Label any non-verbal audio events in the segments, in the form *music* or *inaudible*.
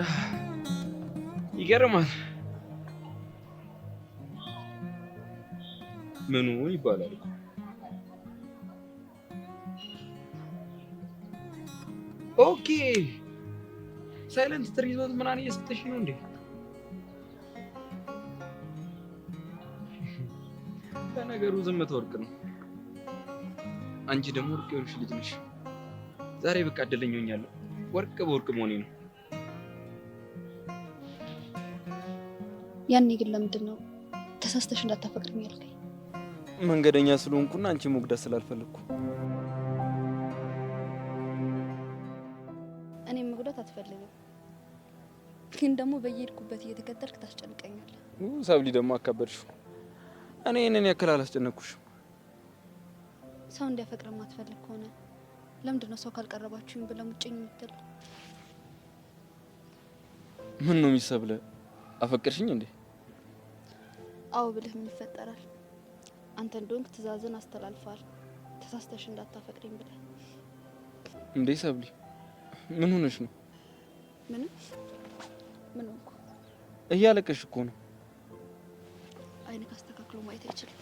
*sighs* ይገርማል። ምኑ ይባላል? ኦኬ ሳይለንት ትሪዞት ምናምን እየሰጠሽ ነው እንዴ? ለነገሩ ዝምታ ወርቅ ነው። አንቺ ደግሞ ወርቅ የሆንሽ ልጅ ነሽ። ዛሬ በቃ እድለኛ ሆኛለሁ። ወርቅ በወርቅ መሆኔ ነው። ያኔ ግን ለምንድን ነው ተሳስተሽ እንዳታፈቅድ ያልከኝ? መንገደኛ ስለሆንኩና አንቺ መጉዳት ስላልፈለግኩ። እኔም መጉዳት አትፈልግም፣ ግን ደግሞ በየሄድኩበት እየተከተልክ ታስጨንቀኛለህ። ሰብሊ ደግሞ አካበድሽው። እኔ ይህንን ያክል አላስጨነቅኩሽም። ሰው እንዲያፈቅር ማትፈልግ ከሆነ ለምንድን ነው ሰው ካልቀረባችሁኝ ብለህ ሙጭኝ የምትል? ምን ነው የሚሰብለ አፈቅርሽኝ እንዴ? አዎ ብልህ ምን ይፈጠራል? አንተ እንደሆንክ ትዕዛዝን አስተላልፈሃል። ተሳስተሽ እንዳታፈቅሪኝ ብለህ እንዴ? ሰብሊ ምን ሆነሽ ነው? ምን ምን ሆንኩ? እያለቀሽ እኮ ነው። አይንክ አስተካክሎ ማየት አይችልም።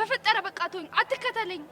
በፈጠረ በቃ ተወኝ፣ አትከተለኝ።